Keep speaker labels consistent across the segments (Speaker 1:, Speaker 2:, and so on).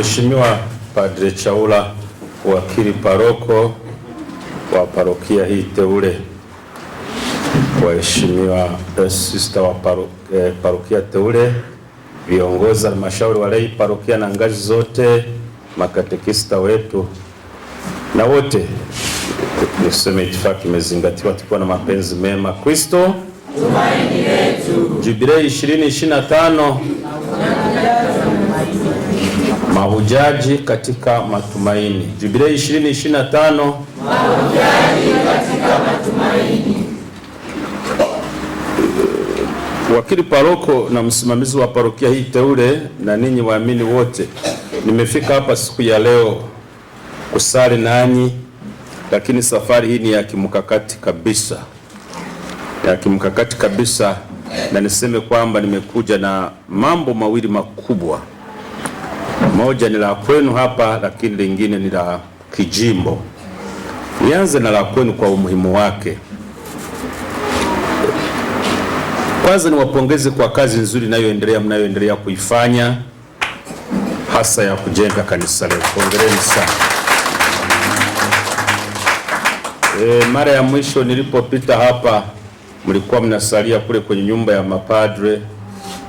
Speaker 1: Mheshimiwa Padre Chaula, wakili paroko wa parokia hii teule, waheshimiwa eh, sista wa paro, eh, parokia teule, viongozi halmashauri walei parokia na ngazi zote, makatekista wetu na wote, niseme itifaki imezingatiwa, tukiwa na mapenzi mema. Kristo
Speaker 2: tumaini letu.
Speaker 1: Jubilei 2025
Speaker 2: Mahujaji katika matumaini.
Speaker 1: Jubilei 2025
Speaker 2: mahujaji katika matumaini.
Speaker 1: Wakili paroko na msimamizi wa parokia hii teule na ninyi waamini wote, nimefika hapa siku ya leo kusali nanyi, lakini safari hii ni ya kimkakati kabisa, ya kimkakati kabisa, na niseme kwamba nimekuja na mambo mawili makubwa moja ni la kwenu hapa, lakini lingine ni la kijimbo. Nianze na la kwenu kwa umuhimu wake. Kwanza niwapongeze kwa kazi nzuri inayoendelea mnayoendelea kuifanya hasa ya kujenga kanisa letu. Hongereni sana. E, mara ya mwisho nilipopita hapa mlikuwa mnasalia kule kwenye nyumba ya mapadre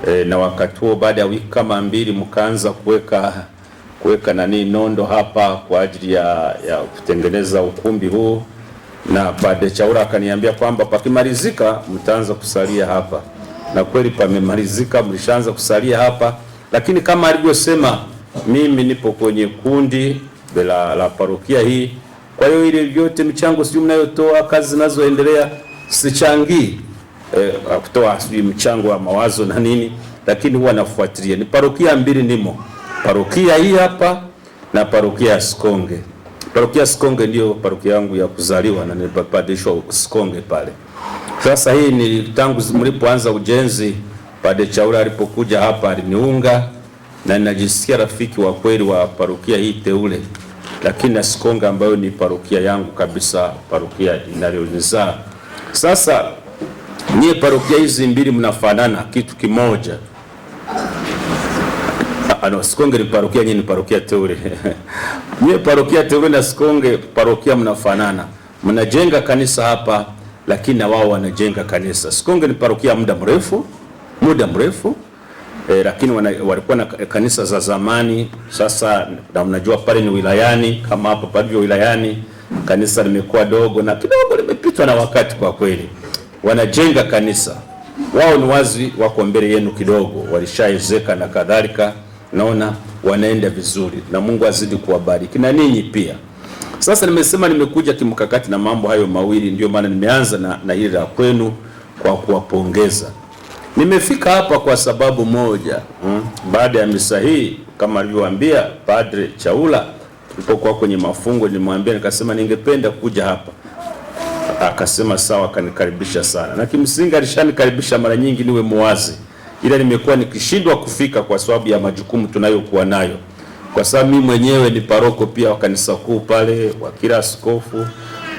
Speaker 1: e, na wakati huo baada ya wiki kama mbili mkaanza kuweka kuweka nani nondo hapa kwa ajili ya, ya kutengeneza ukumbi huu, na baada Chaura akaniambia kwamba pakimalizika mtaanza kusalia hapa, na kweli pamemalizika, mlishaanza kusalia hapa, lakini kama alivyosema, mimi nipo kwenye kundi la, la parokia hii. Kwa hiyo ile vyote mchango sijui mnayotoa, kazi zinazoendelea sichangii eh, kutoa sijui mchango wa mawazo na nini, lakini huwa nafuatilia. Ni parokia mbili nimo parokia hii hapa na parokia ya Sikonge. Parokia Sikonge ndio parokia yangu ya kuzaliwa na nilipadishwa Sikonge pale. Sasa hii ni tangu mlipoanza ujenzi, Padre Chaula alipokuja hapa aliniunga na ninajisikia rafiki wa kweli wa parokia hii teule, lakini na Sikonge ambayo ni parokia yangu kabisa, parokia inayonizaa. Sasa nyie parokia hizi mbili mnafanana kitu kimoja ano Sikonge ni parokia, nyinyi ni parokia teule Mie parokia teule na Sikonge parokia mnafanana, mnajenga kanisa hapa, lakini na wao wanajenga kanisa. Sikonge ni parokia muda mrefu, muda mrefu e, lakini wana, walikuwa na kanisa za zamani. Sasa na unajua pale ni wilayani, kama hapa palivyo wilayani, kanisa limekuwa dogo na kidogo limepitwa na wakati kwa kweli. Wanajenga kanisa wao, ni wazi wako mbele yenu kidogo, walishaezeka na kadhalika naona wanaenda vizuri na Mungu azidi kuwabariki na ninyi pia. Sasa nimesema nimekuja kimkakati na mambo hayo mawili, ndio maana nimeanza na, na hili la kwenu kwa kuwapongeza. Nimefika hapa kwa sababu moja hmm, baada ya misa hii kama alivyowaambia Padre Chaula tulipokuwa kwenye mafungo, nilimwambia nikasema ningependa kuja hapa, akasema sawa, akanikaribisha sana, na kimsingi alishanikaribisha mara nyingi, niwe muwazi ila nimekuwa nikishindwa kufika kwa sababu ya majukumu tunayokuwa nayo, kwa sababu mimi mwenyewe ni paroko pia wa kanisa kuu pale, wakila askofu,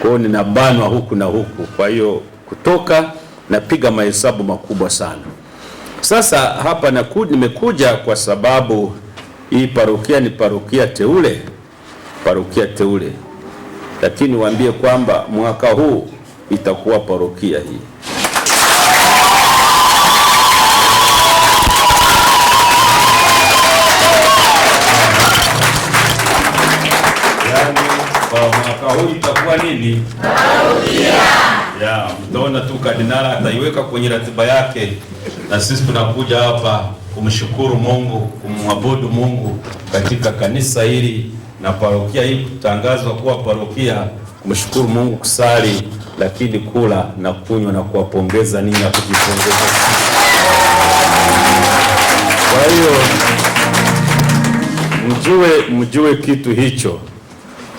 Speaker 1: kwa hiyo ninabanwa huku na huku, kwa hiyo kutoka napiga mahesabu makubwa sana. Sasa hapa naku, nimekuja kwa sababu hii parokia ni parokia teule, parokia teule, lakini waambie kwamba mwaka huu itakuwa parokia hii mwaka huu itakuwa nini?
Speaker 2: Tautia.
Speaker 1: Ya, mtaona tu kardinali ataiweka kwenye ratiba yake, na sisi tunakuja hapa kumshukuru Mungu, kumwabudu Mungu katika kanisa hili na parokia hii kutangazwa kuwa parokia, kumshukuru Mungu, kusali, lakini kula na kunywa na kuwapongeza ninyi na kujipongeza. Kwa hiyo mjue, mjue kitu hicho.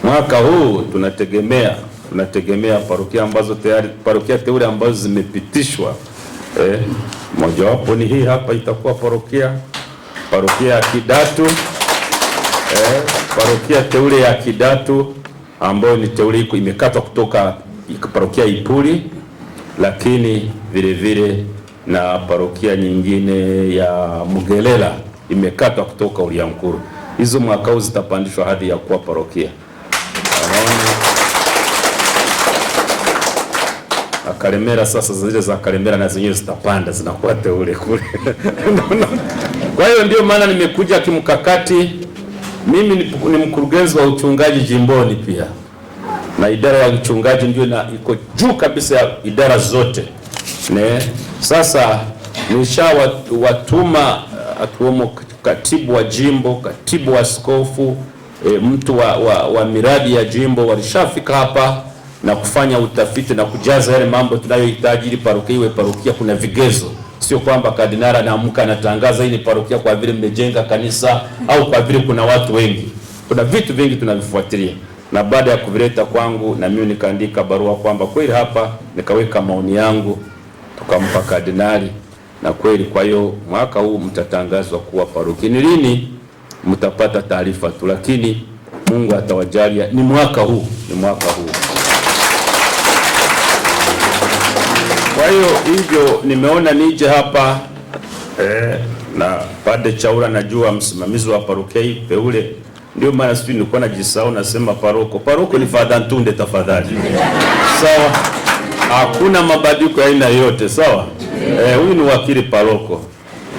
Speaker 1: Mwaka huu tunategemea tunategemea parokia ambazo tayari parokia teule ambazo zimepitishwa eh, mojawapo ni hii hapa, itakuwa parokia parokia ya Kidatu eh, parokia teule ya Kidatu ambayo ni teule iko imekatwa kutoka parokia Ipuli, lakini vile vile na parokia nyingine ya Mgelela imekatwa kutoka Uliankuru. Hizo mwaka huu zitapandishwa hadi ya kuwa parokia. Karemera sasa zile za Karemera na zenyewe zitapanda zinakuwa teule kule. Kwa hiyo ndio maana nimekuja kimkakati. Mimi ni mkurugenzi wa uchungaji jimboni pia, na idara ya uchungaji ndio na iko juu kabisa ya idara zote ne. Sasa nishawatuma uh, akiwemo katibu wa jimbo, katibu wa askofu, e, mtu wa, wa, wa miradi ya jimbo walishafika hapa na kufanya utafiti na kujaza yale mambo tunayohitaji ili parokia iwe parokia. Kuna vigezo, sio kwamba kardinali anaamka anatangaza hii ni parokia kwa vile mmejenga kanisa au kwa vile kuna watu wengi. Kuna vitu vingi tunavifuatilia, na baada ya kuvileta kwangu na mimi nikaandika barua kwamba kweli hapa, nikaweka maoni yangu, tukampa kardinali na kweli. Kwa hiyo mwaka huu mtatangazwa kuwa parokia. Ni lini mtapata taarifa tu, lakini Mungu atawajalia. Ni mwaka huu, ni mwaka huu. Kwa hiyo hivyo nimeona nije hapa eh, na Padre Chaula najua msimamizi wa parokia Peule, ndio maana sisi nilikuwa najisahau nasema paroko. Paroko ni Father Ntunde, tafadhali sawa. Hakuna mabadiliko ya aina yoyote, sawa. Eh, huyu ni wakili paroko,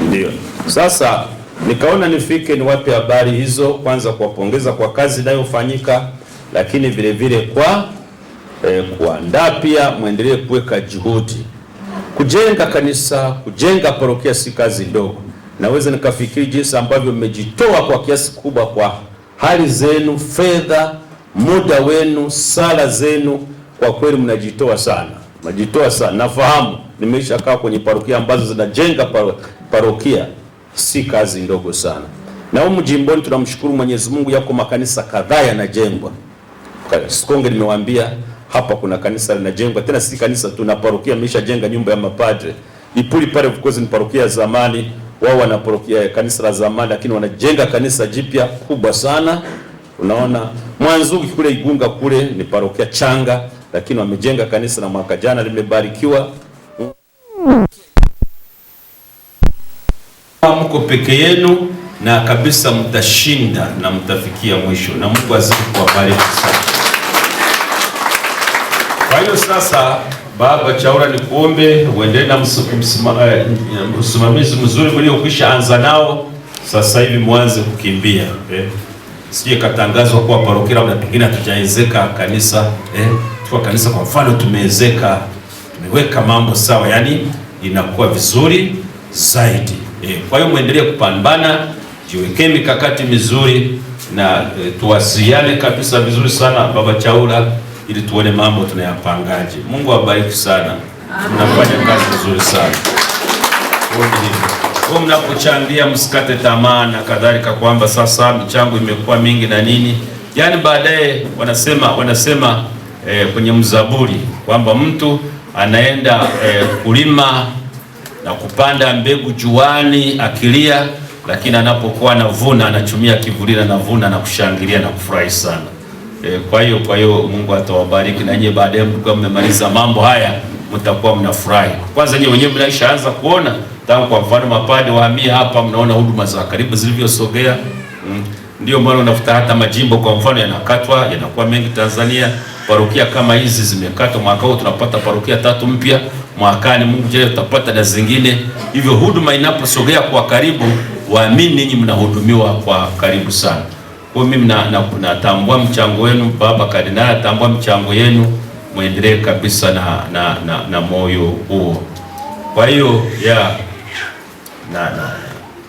Speaker 1: ndio sasa nikaona nifike niwape habari hizo, kwanza kuwapongeza kwa kazi inayofanyika, lakini vile vile kwa eh, kuandaa pia, mwendelee kuweka juhudi. Kujenga kanisa, kujenga parokia si kazi ndogo. Naweza nikafikiri jinsi ambavyo mmejitoa kwa kiasi kubwa, kwa hali zenu, fedha, muda wenu, sala zenu, kwa kweli mnajitoa sana, mnajitoa sana. Nafahamu, nimeisha kaa kwenye parokia ambazo zinajenga parokia si kazi ndogo sana. Na humu jimboni tunamshukuru Mwenyezi Mungu, yako makanisa kadhaa yanajengwa. Sikonge nimewaambia hapa kuna kanisa linajengwa, tena si kanisa tu na parokia imeshajenga nyumba ya mapadre Ipuli pale. Of course ni parokia ya zamani, wao wana parokia ya kanisa la zamani, lakini wanajenga kanisa jipya kubwa sana. Unaona Mwanzuki kule Igunga kule ni parokia changa, lakini wamejenga kanisa na mwaka jana limebarikiwa. Mko peke yenu na kabisa mtashinda na mtafikia mwisho, na Mungu azidi kuwabariki sana. Kwa hiyo sasa, Baba Chaura, ni kuombe uendelee na eh, msimamizi mzuri mliokwisha anza nao sasa hivi, mwanze kukimbia eh? Sije katangazwa kuwa parokia na pengine hatujaezeka kanisa eh? Tuwa kanisa kwa mfano tumeezeka, tumeweka mambo sawa, yani inakuwa vizuri zaidi eh. Kwa hiyo muendelee kupambana, jiwekee mikakati mizuri na eh, tuwasiliane kabisa vizuri sana Baba Chaura ili tuone mambo tunayapangaje. Mungu awabariki sana, mnafanya kazi nzuri sana kwa mnapochangia msikate tamaa na kadhalika, kwamba sasa michango imekuwa mingi na nini, yaani baadaye wanasema wanasema e, kwenye mzaburi kwamba mtu anaenda e, kulima na kupanda mbegu juani akilia, lakini anapokuwa anavuna anachumia kivulini, anavuna na kushangilia na kufurahi sana. E, kwa hiyo kwa hiyo Mungu atawabariki na nyie, baadaye mkiwa mmemaliza mambo haya mtakuwa mnafurahi. Kwanza nyie wenyewe mnaishaanza kuona tangu, kwa mfano mapadi wahamia hapa, mnaona huduma za karibu zilivyosogea. Mm. Ndio maana unafuta hata majimbo kwa mfano yanakatwa yanakuwa mengi Tanzania. Parokia kama hizi zimekatwa, mwaka huu tunapata parokia tatu mpya, mwakani Mungu jaye tutapata na zingine. Hivyo huduma inaposogea kwa karibu, waamini, ninyi mnahudumiwa kwa karibu sana. Kwa mimi na, na, na mchango wenu baba kardinali atambua mchango yenu, mwendelee kabisa na, na, na, na moyo huo. Kwa hiyo ya na, na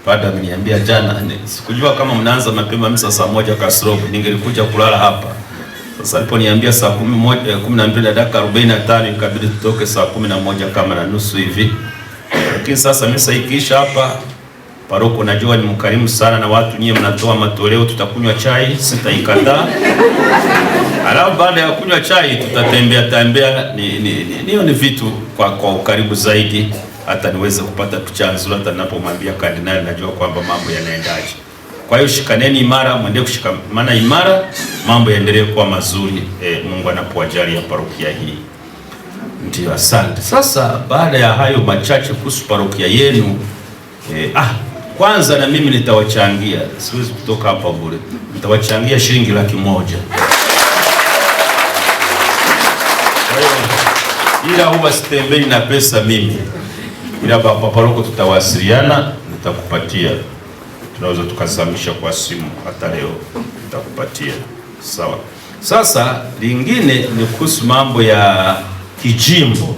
Speaker 1: baada mniambia jana, sikujua kama mnaanza mapema msa saa moja kasoro, ningelikuja kulala hapa sasa. Aliponiambia saa 11 12 eh, na dakika 45 ikabidi tutoke saa 11 kama na nusu hivi, lakini sasa misa ikiisha hapa Paroko, najua ni mkarimu sana na watu, nyie mnatoa matoleo, tutakunywa chai, sitaikataa. Alafu baada ya kunywa chai tutatembea tembea, ni ni, ni, ni vitu kwa kwa ukaribu zaidi, hata niweze kupata picha nzuri, hata ninapomwambia kardinali najua kwamba mambo yanaendaje. Kwa hiyo shikaneni imara, mwendee kushikamana imara, mambo yaendelee kuwa mazuri eh, Mungu anapowajalia parokia hii. Ndiyo, asante. Sasa baada ya hayo machache kuhusu parokia yenu eh, ah kwanza na mimi nitawachangia, siwezi kutoka hapa bure, nitawachangia shilingi laki moja. Ila huwa sitembei na pesa mimi, ila baba paroko tutawasiliana, nitakupatia. Tunaweza tukasamisha kwa simu hata leo, nitakupatia sawa. Sasa lingine ni kuhusu mambo ya kijimbo.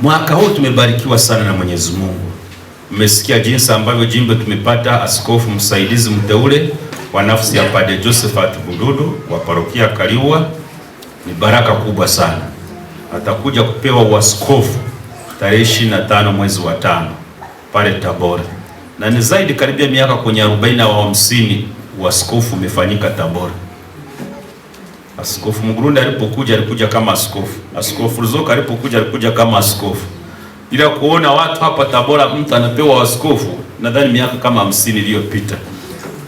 Speaker 1: Mwaka huu tumebarikiwa sana na Mwenyezi Mungu Mmesikia jinsi ambavyo jimbo tumepata askofu msaidizi mteule wa nafsi ya Padre Josephat Bududu wa parokia Kaliua. Ni baraka kubwa sana. Atakuja kupewa uaskofu tarehe na tano mwezi wa tano pale Tabora, na ni zaidi karibia miaka kwenye 40 na 50 uaskofu umefanyika Tabora. Askofu Mgrunda alipokuja alikuja kama askofu, askofu Ruzoka alipokuja alikuja kama askofu ila kuona watu hapa Tabora mtu anapewa waskofu nadhani miaka kama hamsini iliyopita.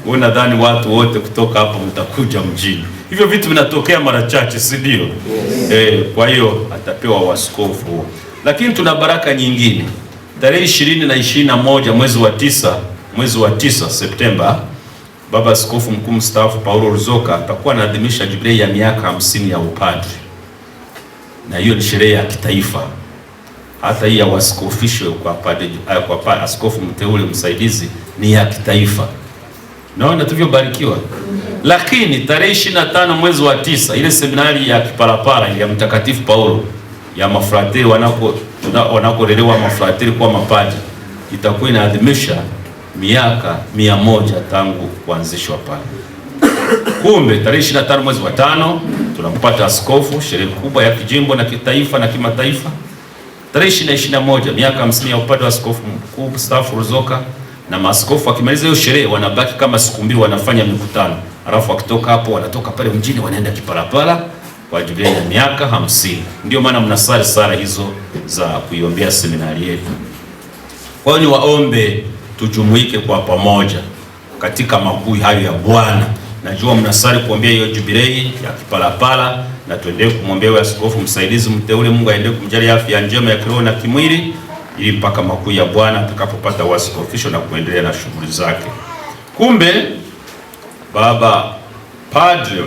Speaker 1: Wewe nadhani watu wote kutoka hapa mtakuja mjini. Hivyo vitu vinatokea mara chache, si ndio? Yes. E, kwa hiyo atapewa waskofu. Lakini tuna baraka nyingine. Tarehe ishirini na ishirini na moja mwezi wa tisa, mwezi wa tisa Septemba, Baba Askofu Mkuu mstaafu Paulo Ruzoka atakuwa anaadhimisha jubilei ya miaka hamsini ya upadri, na hiyo ni sherehe ya kitaifa hata hii ya wasikofisho kwa pade, eh, kwa pade, askofu mteule msaidizi ni ya kitaifa. Naona tulivyobarikiwa. Lakini tarehe 25 mwezi wa tisa ile seminari ya Kipalapala ya Mtakatifu Paulo ya mafrateri wanako wanakolelewa mafrateri kwa mapaji itakuwa inaadhimisha miaka mia moja tangu kuanzishwa pale. Kumbe tarehe 25 mwezi wa tano tunampata askofu, sherehe kubwa ya kijimbo na kitaifa na kimataifa. Tarehe 2021 miaka 50 ya upande wa askofu mkuu mstaafu Ruzoka na maskofu wakimaliza hiyo sherehe wanabaki kama siku mbili wanafanya mikutano, alafu wakitoka hapo wanatoka pale mjini wanaenda Kipalapala kwa ajili ya miaka hamsini. Ndio maana mnasali sala hizo za kuiombea seminari yetu. Kwa hiyo waombe tujumuike kwa pamoja katika makuu hayo ya Bwana. Najua mnasali kuombea hiyo jubilei ya Kipalapala na tuendelee kumwombea askofu msaidizi mteule. Mungu aendelee kumjalia afya njema ya kiroho na kimwili, ili mpaka makuu ya Bwana atakapopata uaskofisho na kuendelea na shughuli zake. Kumbe baba padre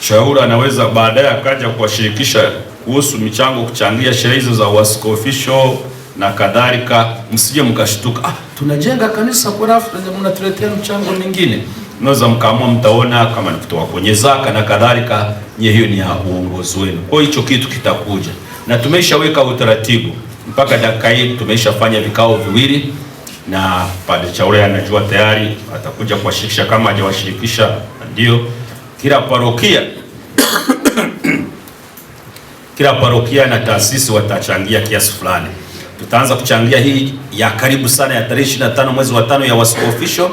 Speaker 1: Chaula anaweza baadaye akaja kuwashirikisha kuhusu michango kuchangia sherehe hizo za uaskofisho na kadhalika. Msije mkashtuka, ah, tunajenga kanisa kwa halafu mnatuletea mchango mingine mnaweza mkaamua, mtaona kama ni kutoka kwenye zaka na kadhalika, nye hiyo ni ya uongozi wenu. Kwa hicho kitu kitakuja, na tumeshaweka utaratibu mpaka dakika hii. Tumeshafanya vikao viwili na Padre Chaure anajua tayari, atakuja kuwashirikisha kama hajawashirikisha. Ndio kila parokia kila parokia na taasisi watachangia kiasi fulani. Tutaanza kuchangia hii ya karibu sana ya tarehe 25 mwezi wa tano ya Wasco official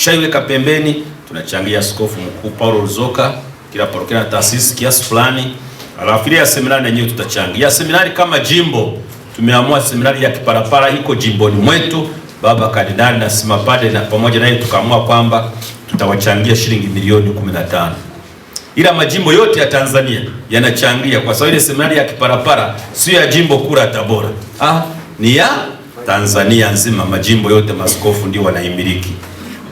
Speaker 1: tushaiweka pembeni, tunachangia Askofu Mkuu Paulo Ruzoka kila parokia na taasisi kiasi fulani, alafu ile ya seminari yenyewe tutachangia. Seminari kama jimbo tumeamua seminari ya Kiparapara iko jimboni mwetu, baba kardinali na simapade na pamoja naye tukaamua kwamba tutawachangia shilingi milioni 15 ila majimbo yote ya Tanzania yanachangia, kwa sababu ile seminari ya Kiparapara sio ya jimbo kura Tabora, ah, ni ya Tanzania nzima, majimbo yote maskofu ndio wanaimiliki.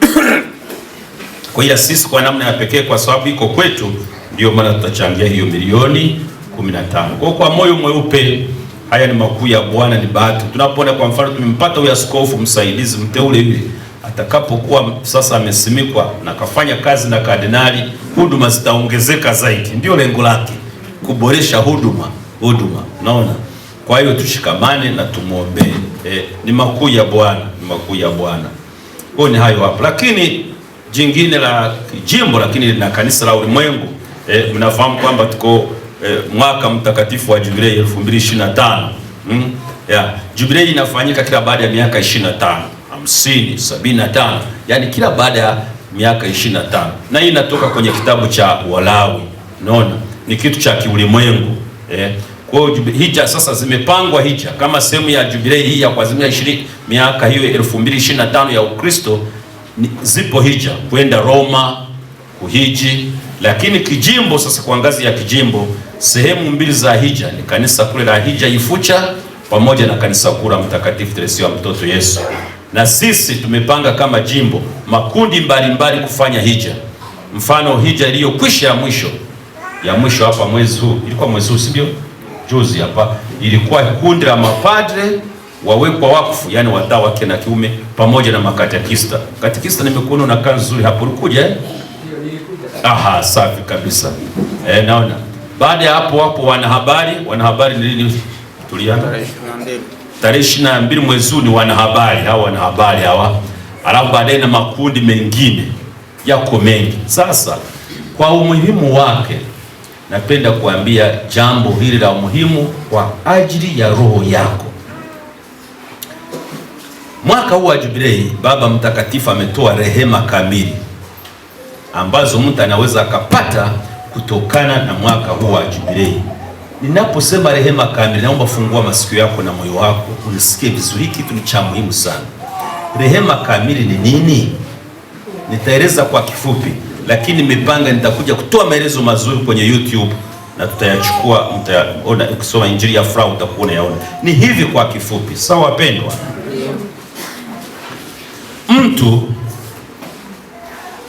Speaker 1: kwa hiyo sisi kwa namna ya pekee, kwa sababu iko kwetu, ndio maana tutachangia hiyo milioni 15 kwa kwa moyo mweupe. Haya ni makuu ya Bwana, ni bahati tunapoona kwa mfano tumempata huyo askofu msaidizi mteule yule atakapokuwa sasa amesimikwa na kafanya kazi na kardinali, huduma zitaongezeka zaidi. Ndio lengo lake, kuboresha huduma huduma. Naona, kwa hiyo tushikamane na tumwombee. Eh, ni makuu ya Bwana, ni makuu ya Bwana. Kwa ni hayo hapo, lakini jingine la jimbo lakini na kanisa la ulimwengu e, mnafahamu kwamba tuko e, mwaka mtakatifu wa jubilei 2025 mm? yeah. Jubilei inafanyika kila baada ya miaka 25, 50, 75, yani kila baada ya miaka 25, na hii inatoka kwenye kitabu cha Walawi. Unaona, ni kitu cha kiulimwengu eh. Kwa hiyo hija sasa zimepangwa hija kama sehemu ya jubilei hii ya kuazimia ishirini miaka hiyo 2025 ya Ukristo, zipo hija kwenda Roma kuhiji, lakini kijimbo sasa, kwa ngazi ya kijimbo, sehemu mbili za hija ni kanisa kule la hija Ifucha pamoja na kanisa kuu la Mtakatifu Teresia wa mtoto Yesu, na sisi tumepanga kama jimbo makundi mbalimbali mbali kufanya hija. Mfano hija iliyokwisha ya mwisho ya mwisho hapa mwezi huu ilikuwa mwezi huu, si ndio? juzi hapa ilikuwa kundi la mapadre wawekwa wakfu, yani watawa wake na kiume pamoja na makatekista. Katekista nimekuona na kazi nzuri hapo, ulikuja eh? Aha, safi kabisa eh, naona baada ya hapo wapo wanahabari. Wanahabari ni nini? tulianza? Tarehe 22 mwezi huu ni wanahabari hawa, wanahabari hawa, alafu baadaye na makundi mengine yako mengi. Sasa kwa umuhimu wake napenda kuambia jambo hili la muhimu kwa ajili ya roho yako. Mwaka huu wa jubilei, Baba Mtakatifu ametoa rehema kamili ambazo mtu anaweza akapata kutokana na mwaka huu wa jubilei. Ninaposema rehema kamili, naomba fungua masikio yako na moyo wako unisikie vizuri. kitu ni cha muhimu sana. Rehema kamili ni nini? Nitaeleza kwa kifupi lakini nimepanga nitakuja kutoa maelezo mazuri kwenye YouTube na tutayachukua, mtaona. Ukisoma Injili ya Furaha utakuona yaona. Ni hivi kwa kifupi, sawa wapendwa. Mtu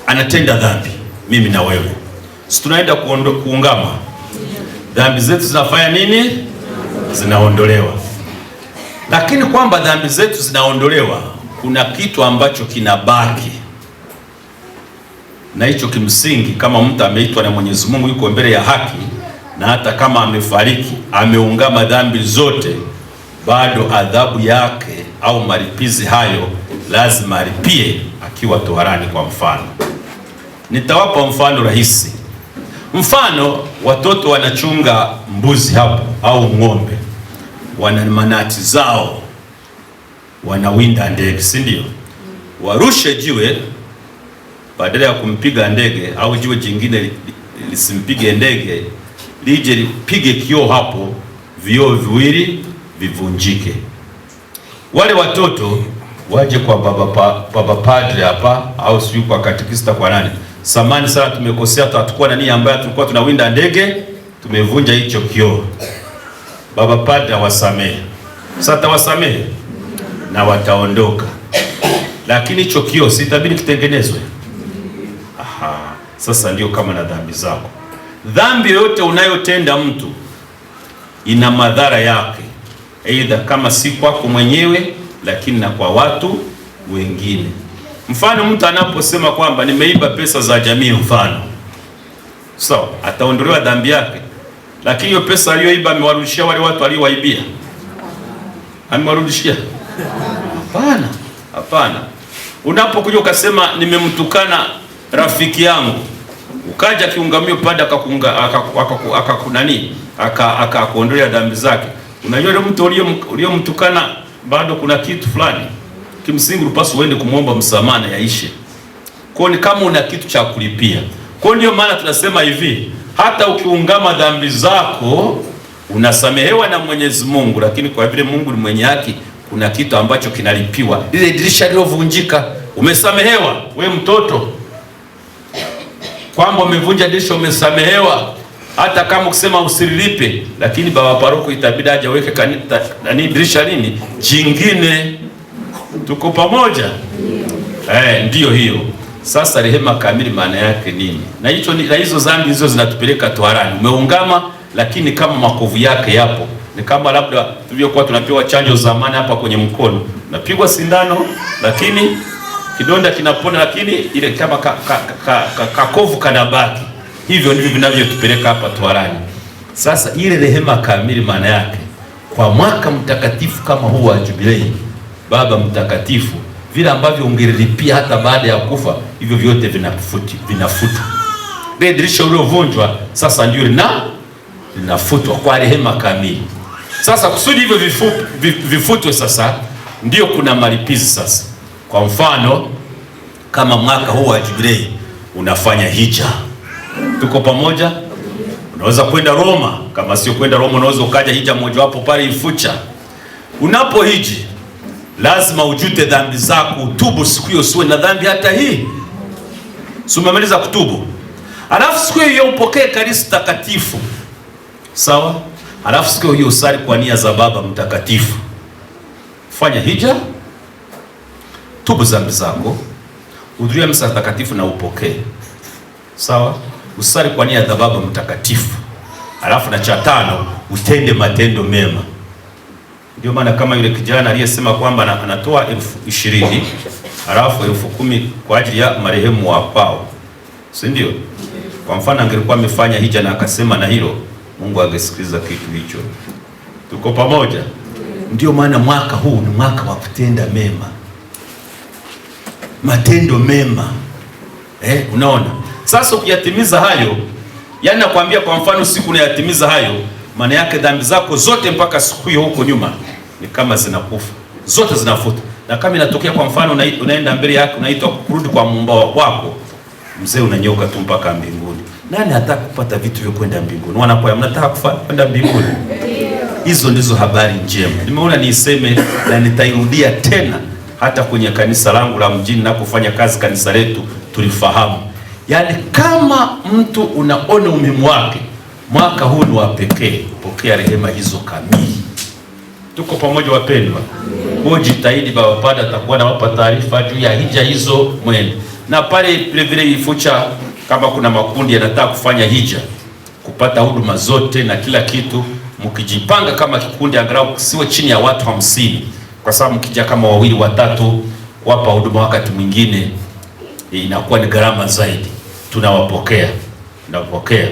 Speaker 1: anatenda dhambi, mimi na wewe, si tunaenda kuungama? Dhambi zetu zinafanya nini? Zinaondolewa. Lakini kwamba dhambi zetu zinaondolewa, kuna kitu ambacho kinabaki na hicho kimsingi, kama mtu ameitwa na Mwenyezi Mungu, yuko mbele ya haki, na hata kama amefariki ameungama dhambi zote, bado adhabu yake au malipizi hayo lazima alipie akiwa toharani. Kwa mfano, nitawapa mfano rahisi. Mfano, watoto wanachunga mbuzi hapo au ng'ombe, wana manati zao, wanawinda ndege, si ndio? Warushe jiwe badala ya kumpiga ndege au jiwe jingine lisimpige ndege, lije lipige kioo hapo, vioo viwili vivunjike. Wale watoto waje kwa baba, pa, baba padre hapa au sijui kwa katikista kwa nani. Samani sana tumekosea, na nani ambaye tulikuwa tunawinda ndege, tumevunja hicho kioo. Baba padre awasamehe, sasa tawasamehe na wataondoka, lakini hicho kioo sitabidi kitengenezwe. Aha, sasa ndio kama na dhambi zako. Dhambi yoyote unayotenda mtu ina madhara yake, aidha kama si kwako mwenyewe, lakini na kwa watu wengine. Mfano, mtu anaposema kwamba nimeiba pesa za jamii, mfano so ataondolewa dhambi yake, lakini hiyo pesa aliyoiba amewarudishia wale watu aliowaibia? Amewarudishia? Hapana, hapana. Unapokuja ukasema nimemtukana rafiki yangu, ukaja kiungamio pada akakunga akakunani akakuondolea dhambi zake. Unajua ile mtu uliyomtukana bado kuna kitu fulani kimsingi, upaswa uende kumwomba msamaha yaishe. Kwa ni kama una kitu cha kulipia. Kwa ndio maana tunasema hivi, hata ukiungama dhambi zako unasamehewa na Mwenyezi Mungu, lakini kwa vile Mungu ni mwenye haki, kuna kitu ambacho kinalipiwa. Ile dirisha lilovunjika umesamehewa, we mtoto kwamba umevunja dirisha umesamehewa, hata kama ukisema usililipe, lakini baba paroko itabidi aje aweke nani dirisha nini jingine. Tuko pamoja eh? Ndiyo hiyo sasa. Rehema kamili maana yake nini? Na hicho na hizo dhambi hizo zinatupeleka toharani. Umeungama, lakini kama makovu yake yapo ni kama labda tulivyokuwa tunapewa chanjo zamani hapa kwenye mkono, napigwa sindano lakini kidonda kinapona, lakini ile kama kakovu ka, ka, ka, ka, kanabaki. Hivyo ndivyo vinavyotupeleka hapa twarani. Sasa ile rehema kamili, maana yake kwa mwaka mtakatifu kama huu wa Jubilei, Baba Mtakatifu, vile ambavyo ungelipia hata baada ya kufa, hivyo vyote vinafuti vinafutwa. Ile dirisha uliovunjwa sasa ndio lina linafutwa kwa rehema kamili. Sasa kusudi hivyo vifutwe, sasa ndio kuna malipizi sasa kwa mfano kama mwaka huu wa jubilei unafanya hija, tuko pamoja. Unaweza kwenda Roma, kama sio kwenda Roma, unaweza ukaja hija mojawapo pale Ifucha. Unapohiji lazima ujute dhambi zako, utubu siku hiyo, usiwe na dhambi hata hii. Si umemaliza kutubu, alafu siku hiyo upokee Ekaristi Takatifu, sawa? Alafu siku hiyo usali kwa nia za Baba Mtakatifu. Fanya hija tubu zambi zako, udhuria misa takatifu na upokee. Sawa, usali kwa nia ya Baba Mtakatifu, alafu na cha tano utende matendo mema. Ndio maana kama yule kijana aliyesema kwamba anatoa elfu ishirini alafu elfu kumi kwa ajili ya marehemu wa kwao, si ndio? Kwa mfano angelikuwa amefanya hija na akasema na hilo, Mungu angesikiliza kitu hicho. Tuko pamoja? Ndio maana mwaka huu ni mwaka wa kutenda mema matendo mema eh, unaona. Sasa ukiyatimiza hayo, yani nakwambia kwa mfano, siku unayatimiza hayo, maana yake dhambi zako zote mpaka siku hiyo huko nyuma ni kama zinakufa zote, zinafuta. Na kama inatokea kwa mfano una, unaenda mbele yake unaitwa kurudi kwa muumba wako, mzee unanyoka tu mpaka mbinguni. Nani hataka kupata vitu vya kwenda mbinguni? Wanapoya, mnataka kwenda mbinguni? Hizo ndizo habari njema. Nimeona niiseme na nitairudia tena hata kwenye kanisa langu la mjini nakofanya kazi, kanisa letu tulifahamu. Yaani, kama mtu unaona umuhimu wake, mwaka huu ni wa pekee. Pokea rehema hizo kamili. Tuko pamoja wapendwa, huo jitahidi. Baba Pada atakuwa nawapa taarifa juu ya hija hizo mwende na pale vile vile ifucha, kama kuna makundi yanataka kufanya hija kupata huduma zote na kila kitu, mkijipanga kama kikundi, angalau siwe chini ya watu hamsini kwa sababu mkija kama wawili watatu wapa huduma, wakati mwingine inakuwa ni gharama zaidi. Tunawapokea, tunawapokea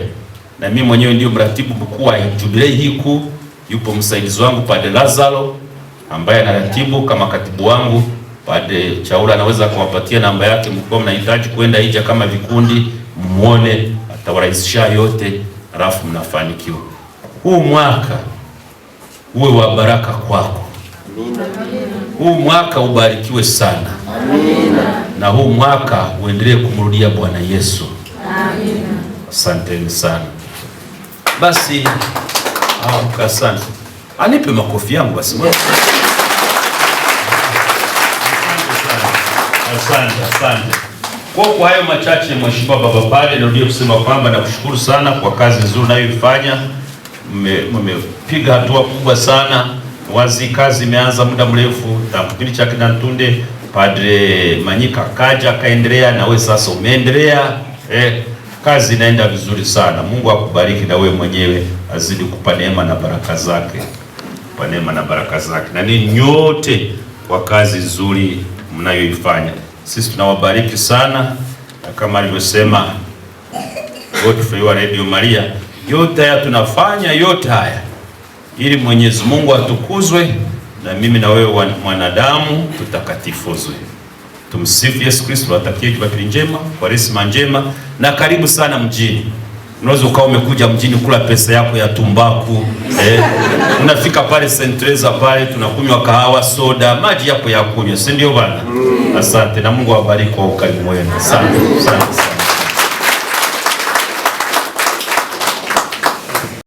Speaker 1: na mimi mwenyewe ndio mratibu mkuu wa jubilei hii kuu. Yupo msaidizi wangu Padre Lazaro ambaye anaratibu kama katibu wangu. Padre Chaula anaweza kuwapatia namba yake, mkiwa mnahitaji kwenda hija kama vikundi, muone, atawarahisisha yote, alafu mnafanikiwa. Huu mwaka uwe wa baraka kwako. Huu mwaka ubarikiwe sana. Amina. Na huu mwaka uendelee kumrudia Bwana Yesu. Amina. Asanteni sana. Basi asante. Anipe makofi yangu basi. Asante, asante. Kwa kwa hayo machache, Mheshimiwa Baba pale nirudie kusema kwamba nakushukuru sana kwa kazi nzuri unayoifanya. Mmepiga hatua kubwa sana kazi zimeanza muda mrefu na kipindi cha kina Padre Manyika kaja akaendelea, na wewe sasa umeendelea eh, kazi inaenda vizuri sana. Mungu akubariki na wewe mwenyewe azidi kupa neema na baraka zake, kupa neema na baraka zake, na ninyi nyote kwa kazi nzuri mnayoifanya. Sisi tunawabariki sana, na kama alivyosema Godfrey wa Radio Maria, yote haya tunafanya yote haya ili Mwenyezi Mungu atukuzwe na mimi na wewe mwanadamu tutakatifuzwe. Tumsifu Yesu Kristo. Watakie Jumapili njema, Kwaresima njema na karibu sana mjini. Unaweza ukawa umekuja mjini kula pesa yako ya tumbaku eh. Unafika pale St. Teresa pale tunakunywa kahawa, soda, maji yako ya kunywa, si ndio bana? Mm. Asante na Mungu awabariki kwa ukarimu wenu. Asante, asante.